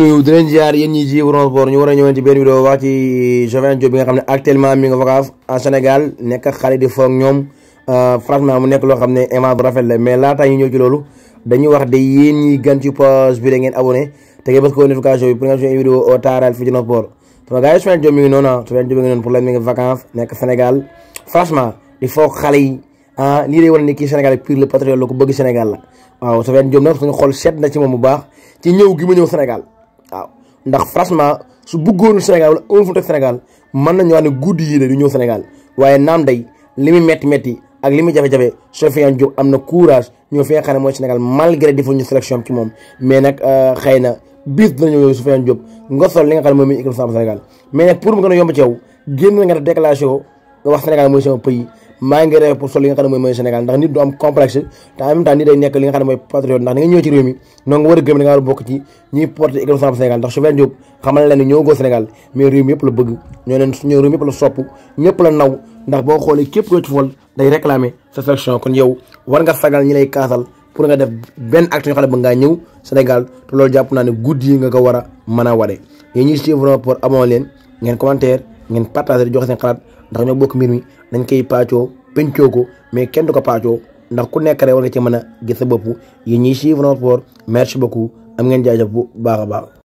nuyu dinañ jaar yéen ñi ci Ross Sport ñu war a ñëwaat ci benn vidéo wax ci Jovenel Diop bi nga xam actuellement mi nga vacance en Sénégal nekk xale di foog ñoom franchement mu nekk loo xam ne image bu rafet la mais laata ñu ñëw ci loolu dañuy wax de yéen ñi gan ci page bi da ngeen abonné te ngeen bës ko notification bi pour nga suñu vidéo au taaral fii ci Ross Sport sama gars yi Jovenel ah, mi ngi noonu ah Jovenel Diop mi ngi noonu problème mi nga vacance nekk Sénégal franchement di foog xale ah lii day war ne kii pire le patriote la bëgg la waaw suñu xol na ci bu baax ci ñëw gi mu ñëw ndax franchement su bëggoonu Sénégal wala amul fu mu teg Sénégal mën nañu wax ne guddi yii de du ñëw Sénégal waaye naam day li muy metti métti ak li muy jafe-jafe Sofiane Diop am na courage ñoo fi nga xam ne mooy Sénégal malgré defuñu sélection ci moom mais nag euh, xëy na bis dina ñëw yow Sofiane Diop nga sol li nga xam ne moom mooy équipe Sénégal mais nag pour mu gën a yomb ci yow génn nga def déclaration nga wax Sénégal mooy sama pays maa ngi rêve pour sol li nga xam ne mooy mooy Sénégal ndax nit du am complexe te en même temps nit day nekk li nga xam ne mooy patriote ndax da nga ñëw ci réew mi noonu nga war a gëm da nga war a bokk ci ñiy porter équipe nationale Sénégal ndax Cheikh Diop xamal leen ne ñoo goo Sénégal mais réew mi yëpp la bëgg ñoo leen ñoo réew mi yëpp la sopp ñëpp la naw ndax boo xoolee képp koo ci fol day réclamer sa sélection kon yow war nga sagal ñi lay kaasal pour nga def benn acte yoo xam ne ba ngaa ñëw Sénégal te loolu jàpp naa ne guddi yi nga ko war a mën a ware yéen ñuy suivre rapport amoon leen ngeen commentaire ngeen partagé di joxe ndax ñoo bokk mbir mi dañ koy paacoo pencoo ko mais kenn du ko paacoo ndax ku nekk rek war nga ci mën a gis sa bopp yi ñuy suivre notre merci beaucoup am ngeen jaajëf bu baax a baax